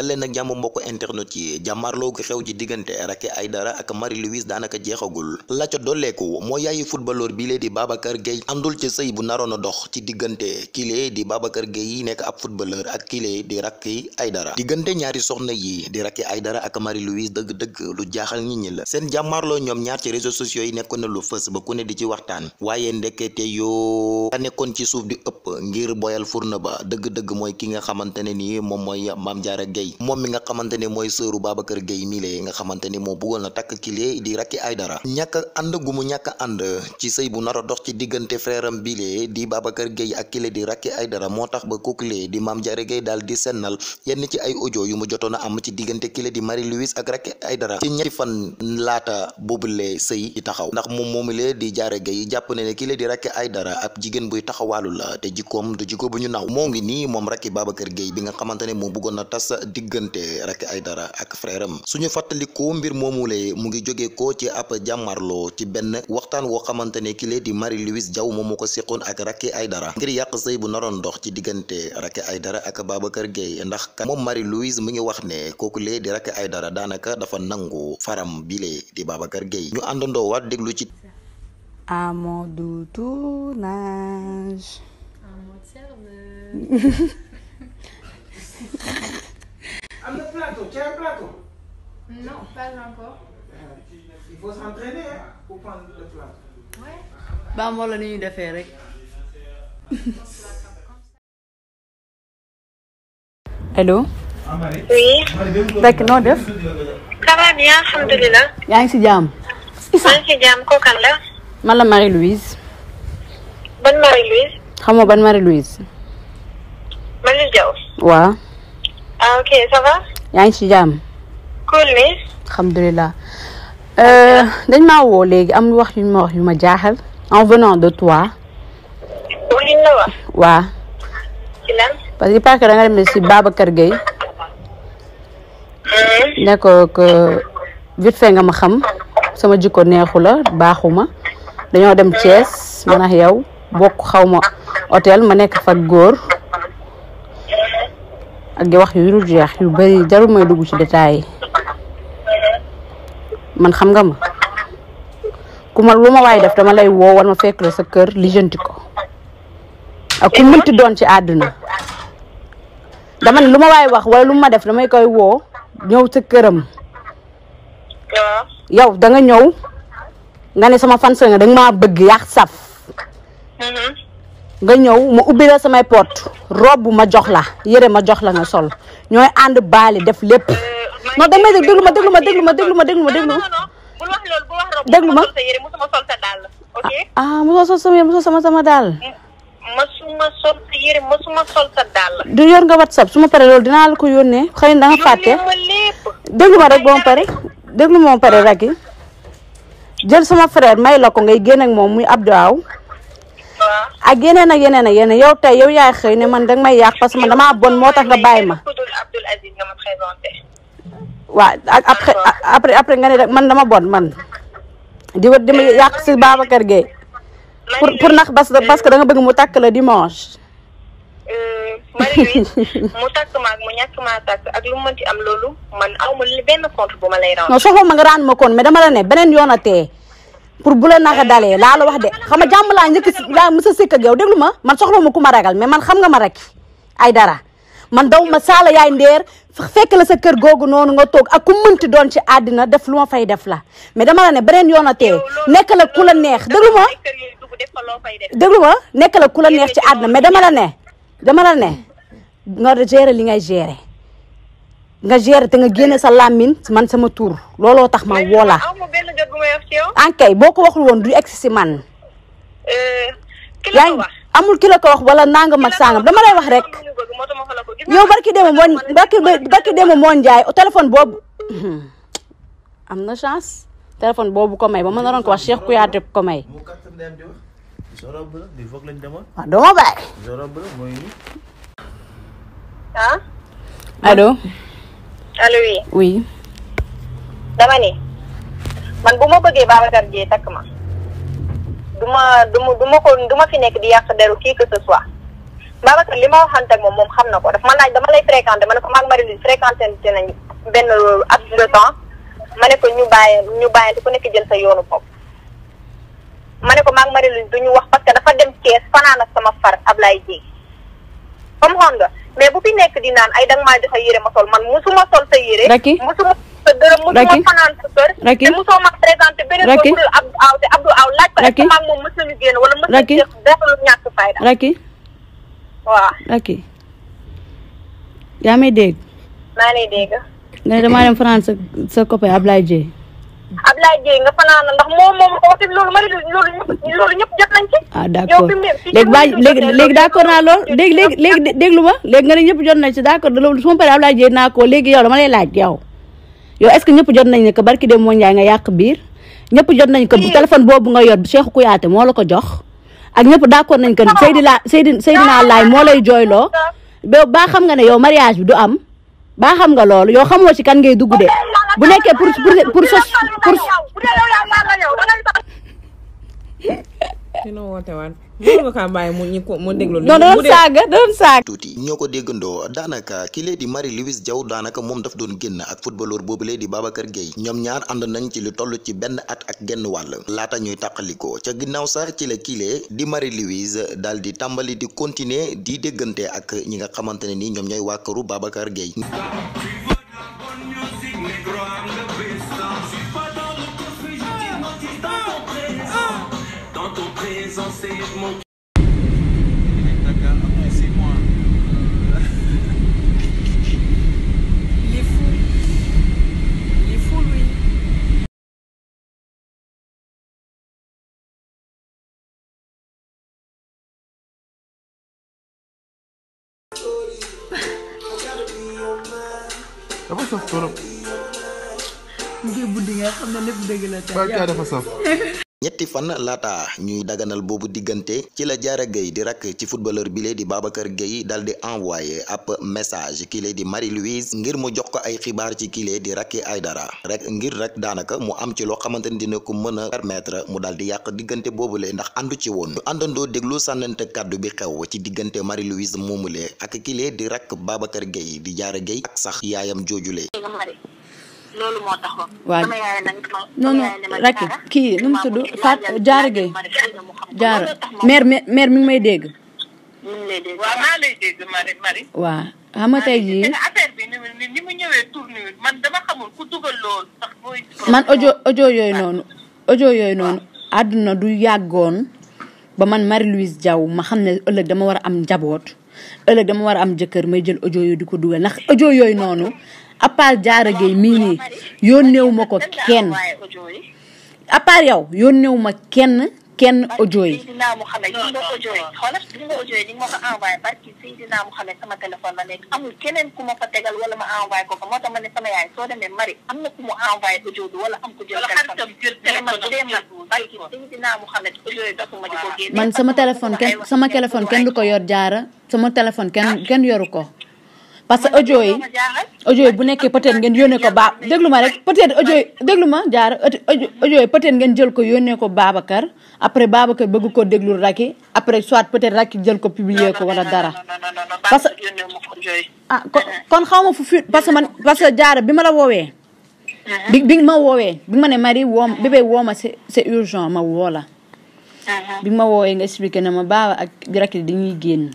dal leen nag jàmm mbokk internet yi jàmmaarloo gi xew ci diggante Racky Aïdara ak Marie Louise daanaka jeexagul la ca dolleeku moo yaayu footballeur bi lee di Babacar Gueye àndul ci sëy bu naroon a dox ci diggante kilee di Babacar Gueye nekk ab footballeur ak kilee di Racky Aïdara diggante ñaari soxna yi di Racky Aïdara ak Marie Louise dëgg-dëgg lu jaaxal nit ñi la seen jàmmaarloo ñoom ñaar ci réseaux sociaux yi nekkoon na lu fës ba ku ne di ci waxtaan waaye ndekete yoo ka nekkoon ci suuf di ëpp ngir boyal furna ba dëgg-dëgg mooy ki nga xamante ne nii moom mooy Mame Diarra Gueye Gueye moom mi nga xamante ne mooy sëru Babacar Gueye mii lee nga xamante ne moo bëggoon na takk kilee di Racky Aïdara ñàkk a ànd gu mu ñàkk a ànd ci sëy bu nar a dox ci diggante frère am bilee di Babacar Gueye ak kile di Racky Aïdara moo tax ba kookulee di Mame Diarra Gueye daal di sennal yenn ci ay audio yu mu jotoon a am ci diggante kile di Marie Louise ak Racky Aïdara ñetti fan laata boobulee sëy di taxaw ndax moom moomulee di Diarra Gueye jàpp ne ne kile di Racky Aïdara ab jigéen buy taxawaalu la te jikkoom du jikko bu ñu naw moo ngi nii moom Racky Babacar Gueye bi nga xamante moo bëggoon diggante Racky Aïdara ak frère am suñu fàttalikoo mbir moomulee mu ngi jóge ko ci ab jàmmarloo ci benn waxtaan woo xamante ne kile di Marie Louise Diaw moom moo ko seqoon ak Racky dara ngir yàq sëy bu naroon ndox ci diggante ay Aïdara ak Babacar Gueye ndax ka moom Marie Louise mu ngi wax ne kooku lee di Racky Aïdara daanaka dafa nangu faram bile di Babacar Gueye ñu àndandoo waat déglu ci. À mon tournage. À mon Pas encore. il faut s'entraîner pour prendre le plat. oui. ba ngi si jàmm. maa ngi si Louise. ban mari Louise. xamoo ban Marie Louise. Marie Diaw. waaw. ah ok ça va. yaa ngi si jàmm. cool ni. alhamdulilah euh, dañ maa woo léegi am wax yu ma wax yu ma jaaxal en venant de toi. waa parce que parce que da nga dem si Babacar Gueye. Hmm. ne ko que vite fait nga ma xam sama jikko neexu la baaxuma dañoo dem Thiès man ak yow bokk xaw ma hôtel ma nekk fa góor hmm. ak di wax yu dul jeex yu bari jarul may dugg ci détails yi. man xam nga ma ku ma lu ma waay def dama lay woo war ma fekk la sa kër lijjanti ko ak ku mënti doon ci àdduna dama ne lu ma waay wax wala lu ma def damay koy woo ñëw sa këram. yow danga ñëw nga ne sama fan nga da nga maa bëgg yàq saf. Mm-hmm. nga ñëw ma ubbi la samay porte robe ma jox la yére ma jox la nga sol ñooy ànd baali def lépp. Mm. non da may déglu ma déglu ma déglu ma déglu ma déglu ma déglu déglu ma ah, ah mosoo sol sama yére mosoo sama sama daal masuma sol sa yére masuma sol sa dàll du yor nga whatsapp su ma paree loolu dinaa la ko yónnee xëy na da nga fàtte déglu ma rek ba ma pare déglu ma pare ah. rek yi jël sama frère may la ko ngay génn ak moom muy Abdou Aw ah. ak yeneen ak yeneen ak yeneen yow tey yow yaay xëy ne man danga may yàq parce que man damaa bon moo tax nga bàyyi ma waaw après après après nga ne man dama bon man di wër di ma yàq si Babacar Gueye pour pour nax parce euh, que da nga bëgg mu tàkk la dimanche. Euh, Marie mu takk ma ak mu ñàkk maa takk ak lu mu mënti am loolu man aw ma benn compte ma lay rendre. non soxla ma nga rendre ma mais dama la ne beneen yoon a tee pour bu la naka dalee laa la wax de xam nga jàmm laa njëkk si laa mës a sëkk ak yow ma man soxla ma ku ma ragal mais man xam nga ma rek ay dara. man daw ma saala yaay ndeer fekk la sa kër googu noonu nga toog ak ku mënti doon ci àddina def lu ma fay def la mais dama la ne beneen yoon a tee nekk la ku la neex déglu ma déglu ma nekk la ku la neex ci àddina mais dama la ne dama la ne nga gérer li ngay gérer nga gérer te nga génne sa làmmiñ man sama tuur looloo tax ma woola ankay boo ko waxul woon du egsi si man euh, yaa amul ki la ko wax wala nangam ak sangam dama lay wax rek yow barki ki moon barki barki démb moon jaay téléphone boobu am na chance téléphone boobu ko may ba ma naroon ko a Cheikh Kouyaté ko may Zorob la di foog lañ demoon. waaw doo ma bàyyi. Zorob la mooy nii. ah. allo. allo oui. oui. dama ni man bu ma bëggee Babacar Dieye takk ma du ma du ma du ma ko du ma fi nekk di yàq deru kii Babacar li ma waxante ak moom moom xam na ko daf ma laaj dama lay fréquenté ma ne ko maag Marie-Louise fréquenté nañ benn at de temps ma ne ko ñu bàyyi ñu bàyyante ku nekk jël sa yoonu bopp. ma ne ko maag Marie-Louise du ñu wax parce que dafa dem Thiès fanaan ak sama far Ablaye Dieng comme xoon nga mais bu fi nekk di naan ay danga maa joxe yére ma sol man musuma sol sa yére. raki musuma sa dërëm musuma fanaan sa kër. raki te musoo ma présenté beneen bopp Abdou Aw te Abdou Aw laaj ko est-ce que maag moom mës nañu génn wala mës nañu def dara lu ñàkk fayda. waaw ok yaa may dégg. maa lay dégg. nga ne damaa dem France sa copain Ablaye Dieng. nga fanaan ndax moom moom loolu ma loolu ñëpp jot nañ ci. ah d' accord léegi baa léegi léegi d' accord naa lool léegi léegi déglu ma léegi nga ñëpp jot nañ ci d' accord loolu su ma paree Ablaye Dieng naa ko léegi yow dama lay laaj yow. yow est que ñëpp jot nañ ne que barki dem moo Ndiaye nga yàq biir ñëpp jot nañ ko téléphone boobu nga yor Cheikh Kouyaté moo la ko jox. ak ñëpp d'accord nañ que Seydina Seydina Seydina Laay moo lay jooyloo ba baa xam nga ne yow mariage bi du am baa xam nga loolu yow xamoo ci kan ngay dugg de bu nekkee pour pour pour sos pour no woote waan loolu nga kaa bàyyi mu ñu ko mu déglu. non doon tuuti ñoo ko déggandoo daanaka ki lee di mari Louise jaw daanaka moom dafa doon génn ak footballeur boobu lee di Babacar Gueye ñoom ñaar ànd nañ ci lu toll ci benn at ak genn wàll laata ñuy tàqalikoo ca ginnaaw sax ci la kii di mari Louise daal di tàmbali di continuer di déggante ak ñi nga xamante ne ni ñoom ñooy waa këru Babacar Gueye. ñetti fan laata ñuy daganal boobu diggante ci la Diarra géey di rakk ci footballeur bile di baaba kër géey dal di envoyé ab message kile di Marie-Louise ngir mu jox ko ay xibaar ci kile di ay dara rek ngir rek daanaka mu am ci loo xamante ni dina ko mën a permettre mu dal di yàq diggante boobule ndax àndu ci woon ñu àndandoo déglu sànnante kàddu bi xew ci diggante Marie-Louise moomulee ak kile di rakk Babacar Gueye di jaara Gueye ak sax yaayam joojule loolu moo taxoon. kii nu tudd Fat Jaara Gueye Jaara mère mère mi may dégg. mi xam nga tey jii. man dama xamul ku yooyu noonu. audio yooyu noonu. àdduna du yàggoon ba man Marie-Louise Diaw ma xam ne ëllëg dama war a am njaboot ëllëg dama war a am jëkkër may jël audio yooyu di ko yooyu noonu. à part Diarra Gueye mii nii yónneewu ma ko kenn à part yow yónneewu ma kenn kenn audio yi. Seydina Mouhamed ñu nga audio ma ko la nekk ku ma fa wala ma envoyé ko fa moo tax ma ne sama man sama téléphone kenn sama téléphone kenn du ko yor jaara sama téléphone kenn kenn yoru ko. parce que audio yi audio yi bu nekkee peut-être ngeen yónnee ko baab déglu ma peut-être audio déglu ma jaar audio yi peut-être ngeen jël ko yónnee ko Babacar après Babacar bëgg ko déglu Racky après soit peut-être Racky jël ko publier ko wala dara parce que ah kon xaw ma fu fi parce que man parce que jaar bi ma la woowee bi bi ma woowee bi ma ne Marie woom bébé wooma c'est c'est urgent ma woo la uh-huh. bi ma woowee nga expliqué na ma baaba ak Racky dañuy génn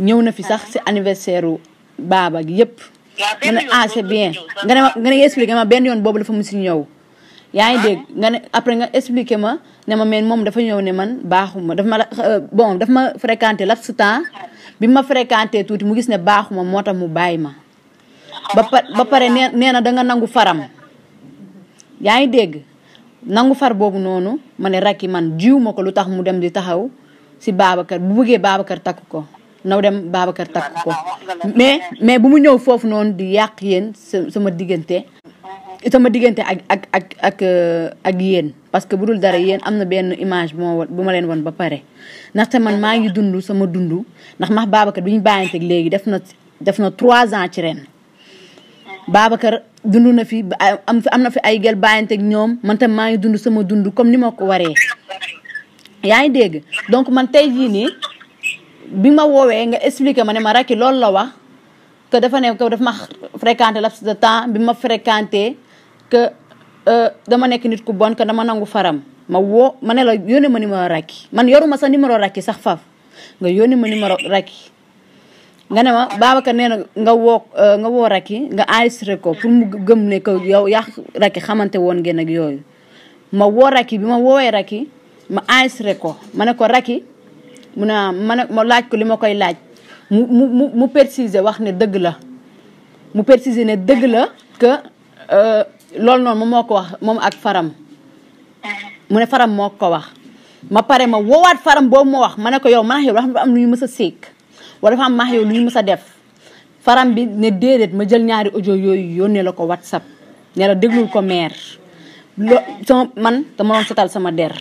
ñëw na fi sax si anniversaire baaba gi yëpp. ma ne ah bien nga ne ma nga ne expliqué ma benn yoon boobu dafa musi ñëw. yaa ngi dégg nga ne après nga expliqué ma ne ma meen moom dafa ñëw ne man baaxuma daf ma euh, bon dafa ma fréquenté la temps bi ma fréquenté tuuti mu gis ne baaxuma moo tax mu bàyyi ma. ba pare ba pare nee na danga nangu faram. yaa ngi dégg nangu far boobu noonu ma ne rakki man jiwuma ko lu tax mu dem di taxaw si Babacar bu bëggee Babacar takk ko. naw dem Babacar takk ko mais mais bu mu ñëw foofu noonu di yàq yéen sama diggante mm-hmm. sama diggante ak ak ak ak euh, ak yéen parce que bu dul dara yéen am na benn image bu ma bu ma leen won ba pare ndaxte man maa ngi dundu sama dundu ndax max Babacar bi ñu bàyyante léegi def na def na trois ans ci ren mm-hmm. Babacar dundu na fi am am na fi ay gel ñoom man tam maa ngi dund sama dund comme ni ma ko waree yaa ngi donc man tey jii bi ma woowee nga expliqué ma ne ma Racky loolu la wax que dafa ne ko dafa ma fréquenté laps de temps bi ma fréquenté que euh, dama nekk nit ku bon que dama nangu faram ma woo ma ne la yónnee ma numéro Racky man yoruma sax numéro Racky sax faf nga yónnee ma numéro Racky nga ne ma Babacar nee na nga woo euh, nga woo Racky nga enregistré ko pour mu gëm ne que yow yaa Racky xamante woon ngeen ak yooyu ma woo rakki bi ma woowee Racky ma enregistré ko ma ne ko Racky mu ne man ma laaj ko li ma koy laaj mu mu mu mu préciser wax ne dëgg la mu préciser ne dëgg la que euh, loolu noonu moom moo ko wax moom ak faram mu ne faram moo ko wax ma pare ma woowaat faram boobu ma wax ma ne ko yow maax yow dafa am lu ñu mës a séek wala dafa am maax yow lu ñu mës a def faram bi ne déedéet ma jël ñaari audio yooyu yónnee la ko whatsapp ne la déglul ko meer lo sama man dama doon setal sama der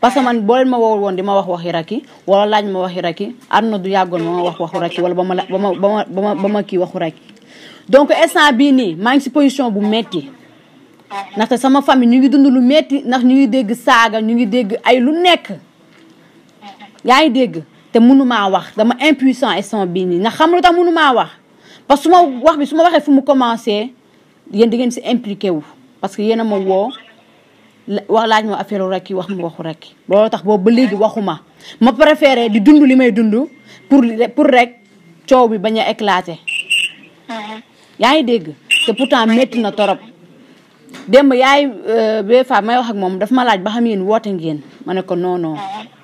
parce que man boo leen ma wowul woon di ma wax waxi Racky wala laaj ma waxi Racky àdduna du yàggoon ma ma wax waxu Racky wala ba ma ba ma ba ma ba ma kii waxu Racky donc instant bii nii maa ngi si position bu metti ndaxte sama famille ñu ngi dund lu metti ndax ñu ngi dégg saaga ñu ngi dégg ay lu nekk yaa ngi dégg te maa wax dama impuissant instant bii nii ndax xam lu tax maa wax parce que su ma wax bi su ma waxee fu mu commencé yéen di ngeen si impliqué wu parce que yéen a ma woo wax laaj ma affaire rakki wax ma waxu rakki boo tax boobu ba léegi waxuma ma préféré di dund li may dund pour pour rek coow bi bañ a éclater. Uh-huh. yaa ngi dégg te pourtant métti na torop démb yaay euh, bee fa may wax ak moom daf ma laaj ba xam yéen woote ngeen ma ne ko non uh-huh.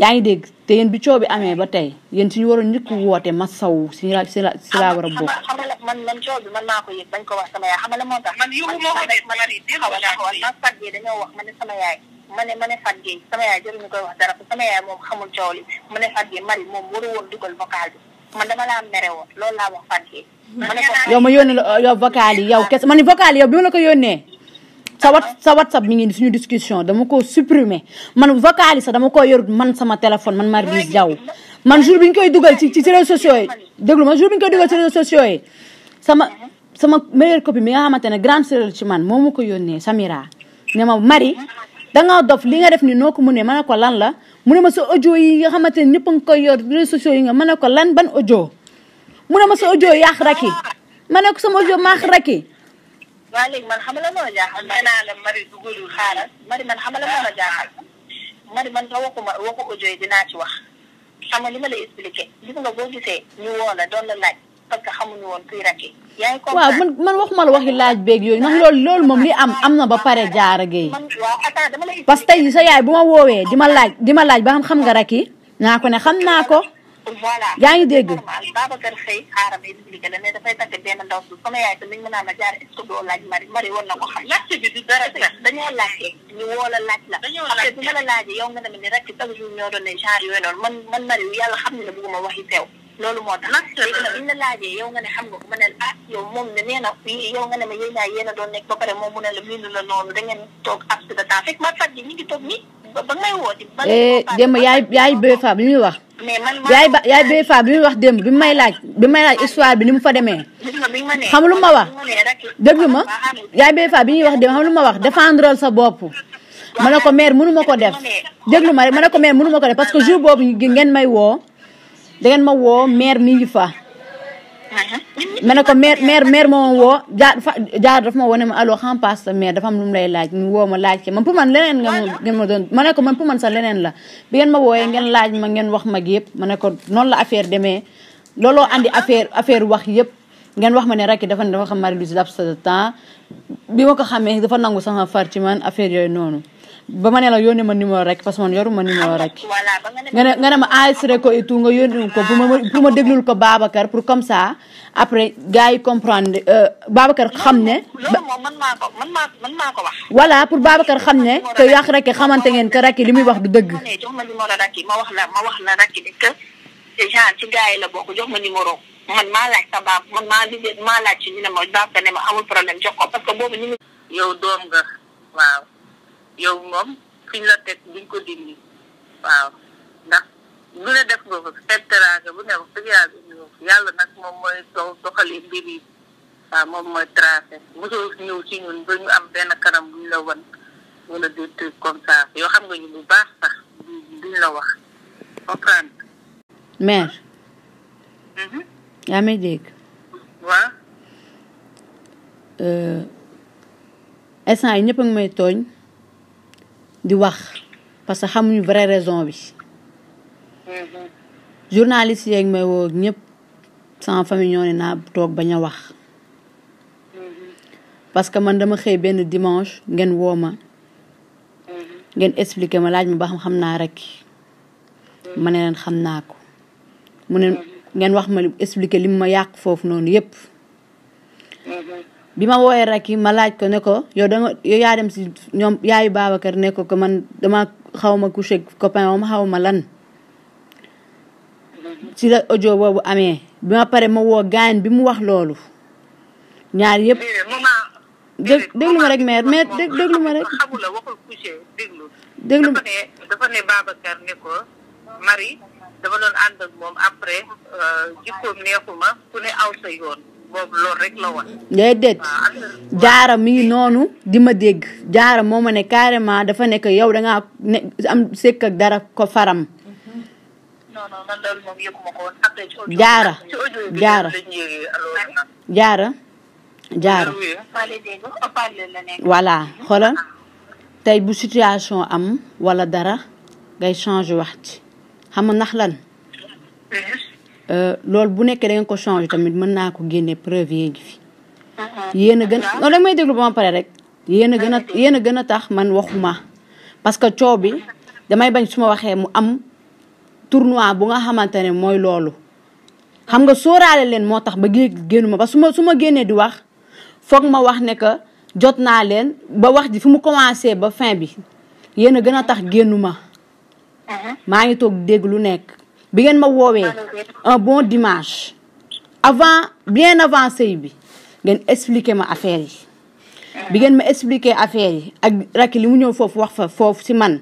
yaa ngi dégg te yéen bi coow bi amee ba tey yéen suñu waroon njëkk woote ma saw si si la si laa war a bokk. xam nga man man coow bi man maa ko yëg bañ ko wax sama yaay xam nga moo tax. man yëgu moo ko def man a taxawal man dañoo wax ma ne sama yaay. ma ne ma ne Fatou Gueye sama yaay jëruñu koy wax dara sama yaay moom xamul coow li ma ne Fatou Gueye Marie moom waru woon dugal vocal bi man dama laa mere woon loolu laa wax Fatou Gueye. ma ne ko yow ma yónnee la yow vocal yow kese ma ne vocal yow bi ma la ko yónnee sa wat sa whatsapp mi ngi suñu discussion dama ko supprimer man vocal yi sax dama ko yor man sama téléphone man Marie Louise Diaw man jour bi ñu koy dugal ci ci réseaux sociaux yi déglu ma jour bi ñu koy dugal ci réseaux sociaux yi sama sama meilleure copie mi nga xamante ne grande sœur man moo ma ko yónnee Samira ne ma Marie dangaa dof li nga def ni noo ko mënee ma ne lan la mu ne ma sa audio yi nga xamante ne ñëpp nga koy yor réseaux sociaux yi nga ma ne ko lan ban audio mu ne ma sa audio yaax raki ma ne sama audio maax raki waa léegi man xamala la ma jaaxal nee naa la mari dugalul xaaral mari man xamala la ma jaaxal mari man nga waxuma waxu audio dinaa ci wax xam nga li ma la expliqué gis nga boo gisee ñu woo la la laaj parce que xamuñu woon kuy rakki yaa ngi man man waxuma la waxi laaj beeg yooyu ndax loolu loolu moom li am am na ba pare jaara géey parce que tey sa yaay bu ma woowee di ma laaj di ma laaj ba xam xam nga rakki naa ko ne xam naa ko voilà yaa ngi dégg normal Babacar xëy xaaral ma expliqué la ne dafay takk benn ndaw su sama yaay tamit mën naa ma jaar est-ce que mari mari war na ko xam laajte bi du dara dañoo laajte ñu woo la laaj la après xam ne ne bëgguma waxi teew loolu moo tax léegi nag bi ko ma ne ah yow moom ne nee na yow nga a doon nekk ba pare moom mu ne la bindu la noonu da wax mais man yaay ba yaay bee bi muy wax démb bi may laaj bi may laaj histoire bi ni mu fa demee. xam lu ma wax dégg ma yaay bee fa bi ñuy wax dem xam lu ma wax défendral sa bopp. ma ne ko maire mënu ma ko def déglu ma rek ma ne ko maire mënu ma ko def parce que jour boobu ngeen may woo dangeen ma woo maire mi ngi fa. ma ne ko maire maire maire moo woo jaar fa jaar daf ma woo ne ma allo xam paas sa maire dafa am lu mu lay laaj ñu woo ma laaj ke man pour man leneen nga ma ngeen ma doon ma ne ko man pour man sax leneen la bi ngeen ma wooyee ngeen laaj ma ngeen wax mag yëpp ma ne ko noonu la affaire demee looloo andi affaire affaire wax yëpp ngeen wax ma ne rakki dafa ne dafa xam Marie Louise laps de temps bi ma ko xamee dafa nangu sama far ci man affaire yooyu noonu ba ma nee la yónnee ma numéro rek parce que man yoruma numéro rek. nga ne nga ne ma enregistré ko et tout nga yónnee ko pour ma pour ko Babacar pour comme ça après gars yi comprendre euh, Babacar xam ne. loolu moom man maa ko man maa ko wax. voilà pour Babacar xam ne que yàq rek xamante ngeen que rek li muy wax du dëgg. jox ma numéro rek ma wax la wax la rek que genre la bokk jox ma numéro. man maa laaj sa baab man maa liggéey maa laaj ci ñu ne ko parce que boobu ñu ngi. yow yow moom fiñ la teg duñ ko dindi waaw ndax lu ne def nga ko xeet teraanga bu ne wax yàlla nag moom mooy soo doxali mbir yi waaw moom mooy tracé mosoo ñëw ci ñun ba ñu am benn kanam bu la won wala des trucs comme ça yoo xam nga ñu bu baax sax duñ la wax comprendre mère mhm. yaa may dégg waaw euh, instant yi ñëpp may tooñ di wax parce que xamuñu vraie raison bi. Mm-hmm. journaliste yeeg may woo ñëpp sama famille ñoo ne naa toog bañ a wax. Mm-hmm. parce que man dama xëy benn dimanche ngeen woo ma. Mm-hmm. ngeen expliqué ma laaj ma ba xam naa rek ma ne leen xam naa ko mu ne ngeen wax ma expliqué li ma yàq foofu noonu yëpp. bi ma wooyee Racky ma laaj ko ne ko yow da nga yow yaa dem si ñoom yaayu Babacar ne ko que man dama xaw ma couché copain am xaw ma lan. si la audio boobu amee bi ma pare ma woo gaañ bi mu wax loolu ñaar yépp dé déglu rek mère mais déglu doon ànd moom après euh, jikkoom neexuma ku ne aw sa yoon. boobu loolu jaara mi noonu di ma dégg jaara moo ma ne carrément dafa nekk yow da ngaa ne am sekk dara ko faram. jaara jaara jaara jaara wala xoolal tey bu situation am wala dara ngay change wax ci nax nga lan. Euh, loolu bu nekkee da ngeen ko changé tamit mën naa ko génne preuve yi ngi fi. Ah, ah, yéen a gën non danga déglu ba pare rek. yéen a gën a yéen a gën a tax man waxuma parce que coow bi damay bañ su ma waxee mu am tournoi bu nga xamante ne mooy loolu. xam nga sóoraale leen moo tax ba génnuma ba suma ma génnee di wax foog ma wax ne que jot naa leen ba wax ji fu mu commencé ba fin bi yéen a gën a tax génnuma ah, maa ngi toog dégg nekk. bi ngeen ma woowee un bon dimanche avant bien avant sëy bi ngeen expliquer ma affaire yi bi ngeen ma expliquer affaire yi ak rakki li mu ñëw foofu wax fa foofu si man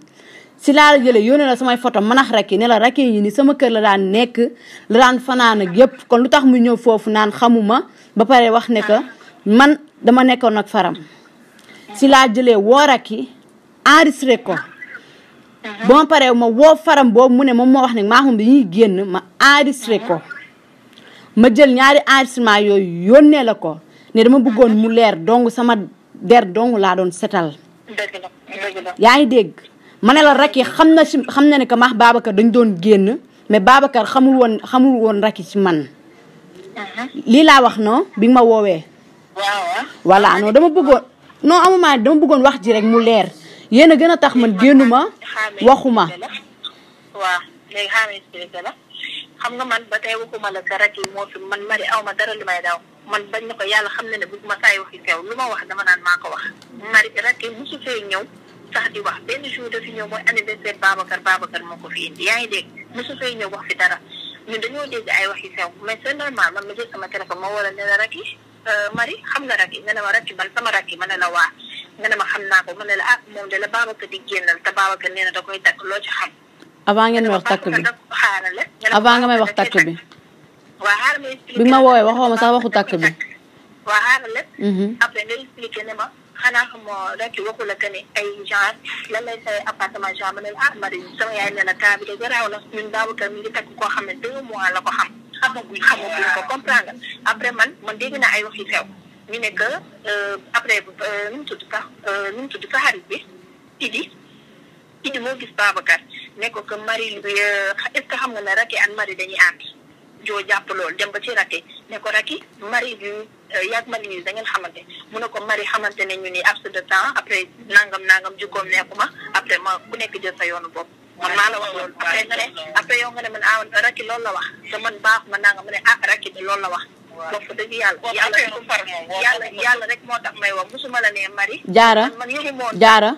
si laa la jëlee yónnee la samay photo manax rakki ne la rakki yi ni sama kër la daan nekk la daan fanaan ak yëpp kon lu tax mu ñëw foofu naan xamuma ba pare wax ne que man dama nekkoon ak faram si laa jëlee woo rakki enregistré ko Uh-huh. ba ma paree ma woo faram boobu mu ne ma moo wax ne maaxum bi ñuy génn ma enregistré ko uh-huh. ma jël ñaari enregistrement yooyu yónnee la ko ne dama bëggoon mu uh-huh. leer dong sama der dong laa doon setal yaa ngi dégg ma ne la Racky xam na si xam na ne que maax Babacar dañ doon génn mais Babacar xamul woon xamul woon Racky ci man lii laa wax non bi ma woowee ah. voilà non dama bëggoon non amuma dama bëggoon wax ji rek mu leer yéen a gën a tax man génnuma waxuma. waa léegi xaaral expliqué la xam nga man ba tey waxuma la sa rak moo fi man mari aw ma dara lu may daw man bañ na ko yàlla xam na ne bëgguma saa yu waxi sew lu ma wax dama naan maa ko wax. mari rak yi mosu fee ñëw sax di wax benn jour dafi ñëw mooy anniversaire Babacar Babacar moo ko fi indi yaa ngi dégg mosu ñëw wax fi dara ñun dañoo dégg ay waxi sew mais c'est normal man ma jël sama téléphone ma wala ne la rak Euh, Marie xam nga rakk yi nga ne ma rakk yi man sama rakk yi ma ne la waa nga ne ma xam naa ko ma ne la ah moom de la Babacar di génnal te Babacar nee na da koy takk loo ci xam. avant ngeen may wax takk bi avant nga may wax takk bi. waaw xaaral mhm. ma expliqué bi ma woowee waxoo ma sax waxu takk bi. waaw xanaa xam rek waxu la que ne ay genre lan lay say appartement genre ma ne ah Marie sama yaay ne la taa bi de garaaw la ñun daawu tam ñu ngi takk koo xam ne deux mois la ko xam xamaguñ xamaguñ ko comprendre nga après man man dégg naa ay wax yu xew ñu ne que euh, après euh, nu mu tudd sax euh, nu mu tudd sa xarit bi Idi Idi moo gis Babacar ne ko que Marie est-ce que xam nga ne rek an Marie dañuy ànd. joo jàpp lool dem ba ci rakki ne ko rakki mari bi euh, yaag mari yi da ngeen xamante mu ne ko mari xamante ne ñu ni abse de temps après nangam nangam jukkoom nekkuma après ma ku nekk jël sa yoonu bopp man maa la wax loolu après nga ne après yow nga ne man ah rakki loolu la wax te man baax ma nangam ma ne ah rakki de loolu la wax waaw wax dëgg yàlla. yàlla yàlla rek moo tax may wax musuma la nee mari. jaara jaara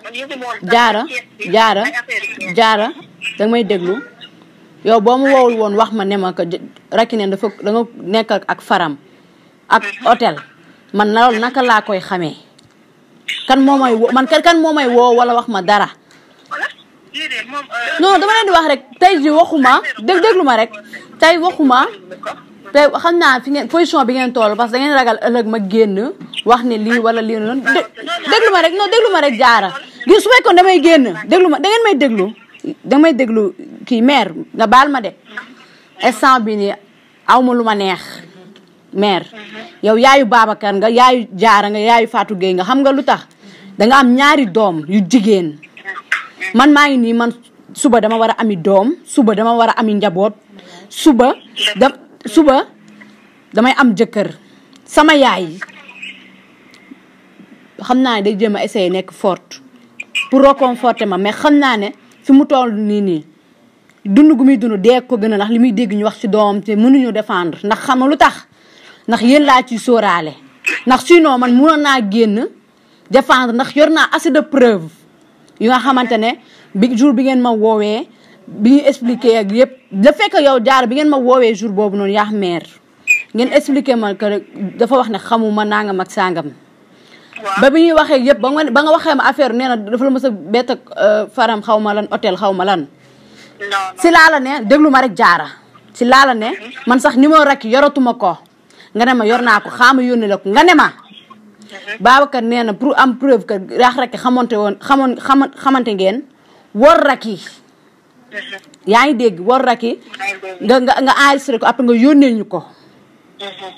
jaara jaara jaara danga yow boo mu wowul woon wax ma ne ma ko rakki neen dafa da nga nekk ak faram ak hôtel man loolu naka laa koy xamee kan moo may woo man kan moo may woo wala wax ma dara non dama leen di wax rek tey ji waxuma dég déglu ma rek tey waxuma tey xam naa fi ngeen position bi ngeen parce que da ngeen ragal ëllëg ma génn wax ne lii wala lii noonu ma rek non déglu ma rek jaara ngir su fekkoon damay génn déglu ma da may déglu damay déglu kii maire nga baal ma de instant bi nii aw ma lu ma neex maire yow yaayu Babacar nga yaayu Jaara nga yaayu faatu Gueye nga xam nga lu tax danga am ñaari doom yu jigéen man maa ngi nii man suba dama war a ami doom suba dama war a ami njaboot suba suba damay am jëkkër sama yaay xam naa ne day jéem a essayer nekk forte pour réconforter ma mais xam naa ne fi mu toll nii nii dund gu muy dund dee ko gën a ndax li muy dégg ñu wax ci doomam te mënuñu défendre ndax xam lu tax ndax yéen laa ciy sóoraale ndax sinon man mënoon naa génn défendre ndax yor naa assez de preuve yu nga xamante ne bi jour bi ngeen ma woowee bi ñu expliqué ak yëpp da fekk yow jaar bi ngeen ma woowee jour boobu noonu yaa meer ngeen expliqué ma dafa wax ne xamuma nangam ak sangam. ba bi ñuy waxee yëpp ba nga ba nga waxee ma affaire nee na dafa la mës a euh, faram xaw ma lan hôtel xaw ma lan. si laala ne déglu ma rek jaara. si laala ne man sax numéro rek yoratuma ko nga ne ma yor naa ko xaama yónni la ko nga ne ma. nee na pour am preuve que raax rek xamante woon xamoon xamante ngeen war rek yi. yaa ngi dégg war rek yi. nga nga nga ko après nga yónnee ñu ko.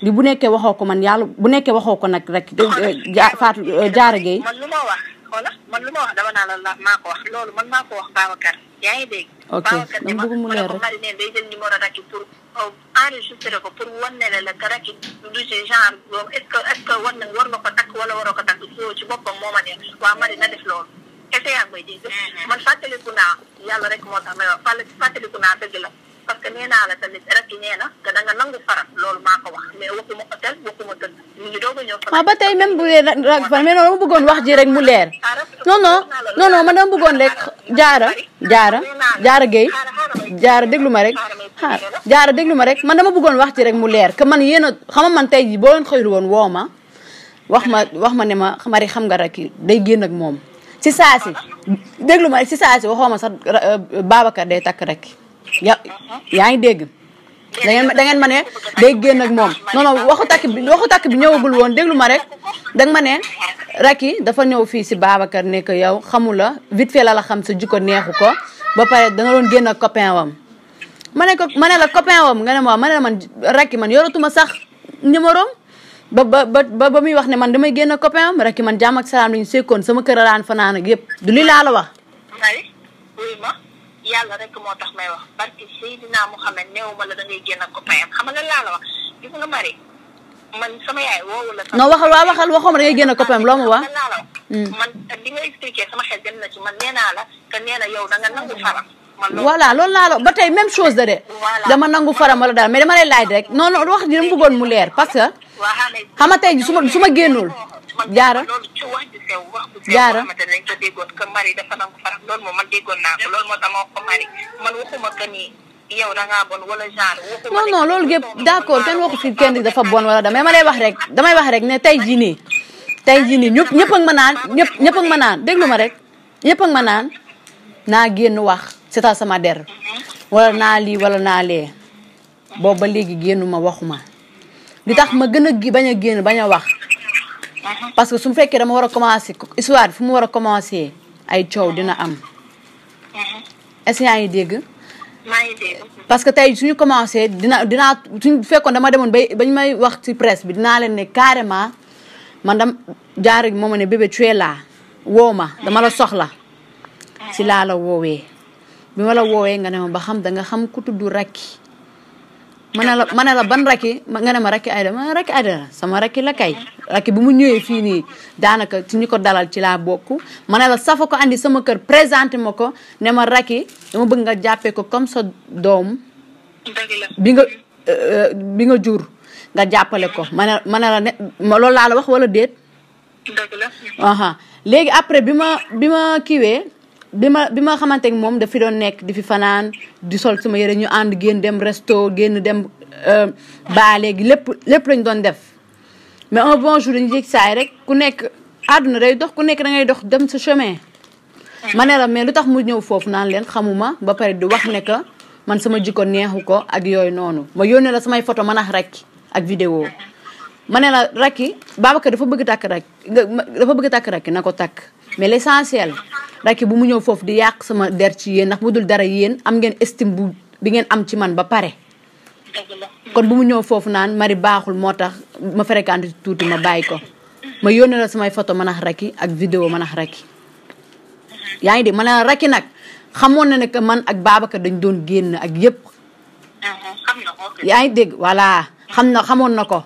bi bu nekkee ko man yàlla bu nekkee waxoo ko nag rek. Eh, ja Fatou Diarra eh, Gueye. man lu ma wax xoola man lu ma wax dama naa la maa ko wax loolu man maa ko wax Babacar yaa ngi dégg. ok dama bëgg mu leer rek Babacar euh, ko pour wan ne la que rakki du ci genre boobu est ce que est ce que war na war nga ko takk wala waroo ko a ci boppam moo ma ne waa Marie na def loolu. kese yaa ngi koy dégg. Mm-hmm. man fàttaliku naa yàlla rek moo tax wax fàttaliku naa dëgg la. parce que nee naa ba tey même bu dee rag fan mais noonu ma bëggoon wax ji rek mu leer. non non man dama bëggoon rek jaara jaara jaara Gueye jaara ma rek xaar jaara déglu ma rek man dama bëggoon wax ji rek mu leer que man yéen a man tey ji boo leen xëyul woon woo ma wax ma wax ma ne ma mari xam nga rek day génn ak moom si saa si déglu ma rek ci saa si waxoo ma sax euh, Babacar takk rek. ya yaa ngi dégg da ngeen ma ne day génn ak moom non non takk bi waxu takk bi ñëwagul woon déglu ma rek da ma ne Racky dafa ñëw fii si Babacar ne que yow xamula la vite la la xam sa jikko neexu ko ba pare da nga génn ak copain wam ma ne ko ma ne la copain nga ne ma ma ne la man Racky man yoratuma sax numéro ba ba ba ba muy wax ne man damay génn ak copain wam Racky man jàmm ak salaam la ñu sama kër a daan fanaan ak du li laa la wax yàlla rek moo tax may wax barki Seydina Mouhamed néew ma la da ngay génn ak ko payam xam nga laa la wax gis nga Marie man sama yaay woowu la. non waxal waa waxal waxoon da ngay génn ak ko payam loo ma wax. Hmm. man li nga expliqué sama xel dem na ci man nee naa la te nee na yow da nga nangu faram. voilà loolu laa la ba tey même chose da de dama nangu faram wala daal ma dama lay laaj rek non non wax ji dama bëggoon mu leer parce que. xam nga tey su ma su ma génnul. jaara jaaro ci wàññi sew wax bu sew loolu moom man yow da ngaa bon loolu gépp d'accord kenn waxu fi kenn dafa bon wala damay ma lay wax rek damay wax rek ne tey jii nii tey jii nii ñëpp ñëpp ak ma naan ñëpp ñëpp ak ma naan déglu ma rek ñëpp ak ma naan naa génn wax c'est sama der wala naa lii wala naa lee boobu ba léegi génnu ma waxuma li tax ma gën a gi bañ a génn bañ a wax parce que su fekkee dama war a commencé histoire bi fu mu war a commencé ay coow dina am. est yaa ngi dégg. parce que tey suñu commencé dina dinaa suñu fekkoon dama demoon ba bañ may wax ci presse bi dinaa leen ne carrément man dam jaar moo ma ne bébé tué laa woo ma dama la soxla. si laa la woowee bi ma la woowee nga ne ma ba xam da nga xam ku tudd Racky ma ne la ma ne ban rakki nga ne ma rakki Aïda ma rakki Aïda sama rakki la kay rakki bu mu ñëwee fii daanaka ci ñu ko dalal ci laa bokk ma ne la safa ko andi sama kër présenté ma ko ne ma rakki dama bëgg nga jàppee ko comme sa doom bi nga euh, euh, bi nga jur nga jàppale ko ma ne la ne loolu laa wax wala déet léegi après bi ma kiiwee bi ma bi ma xamante ne moom dafi doon nekk di fi fanaan di sol sama yére ñu ànd génn dem resto génn dem euh, baa léegi lépp lépp lañ doon def mais un bon jour dañu yëg saay rek ku nekk àdduna day dox ku nekk da ngay dox dem sa chemin ma ne la mais lu tax mu ñëw foofu naan leen xamuma ba pare di wax ne que man sama jikko neexu ko ak yooyu noonu ma yónnee la samay photo ma ak rek ak vidéo ma ne la rakki Babacar dafa bëgg tàkk rakki dafa bëgg tàkk rakki na ko takk mais l' essentiel Racky bu mu ñëw foofu di yàq sama der ci yéen nax bu dul dara yéen am ngeen estime bu bi ngeen am ci man ba pare. kon bu mu ñëw foofu naan mari baaxul moo tax ma fréquenté tuuti ma bàyyi ko ma yónnee samay photo manax Racky ak vidéo manax Racky yaa ngi dégg ma ne Racky nag xamoon na ne que man ak Babacar dañ doon génn ak yépp ah, ah, yaa ngi dégg voilà xam na xamoon na ko.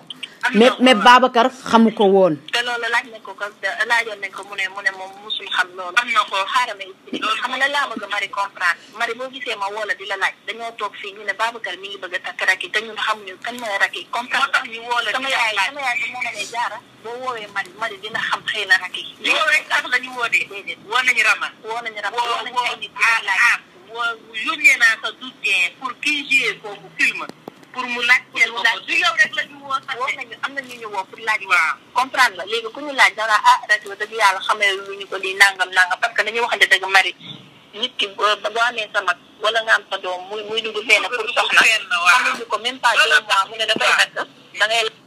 mais mais Babacar xamu ko woon. te loolu laaj nañ ko ko laajoon nañ ko mu ne mu ne moom musul xam loolu. am na ko xaaral ma loolu xam nga laa bëgg Marie comprendre Marie boo gisee ma woo la di la laaj dañoo toog fii ñu ne Babacar mi ngi bëgg a takk rakki te ñun xamuñu kan mooy rakki. comprendre moo tax ñu woo la di la laaj sama yaay sama yaay moo jaara. boo woowee Marie Marie dina xam xëy na rakki. yow rek tax dañu woo de. déedéet woo nañu Rama. woo nañu Rama woo nañu ay nit di la laaj. woo ah, ah, woo yónnee naa sa doute pour kii joué kooku film. pour mu laaj. mu laaj du yow rek la ñu woo sax woo nañu am na ñu ah, nangam nangam parce que dañuy mari nit ki boo amee mag wala nga am muy muy dugg fenn pour soxna. xamuñu ko même pas deux mois mu ne dafay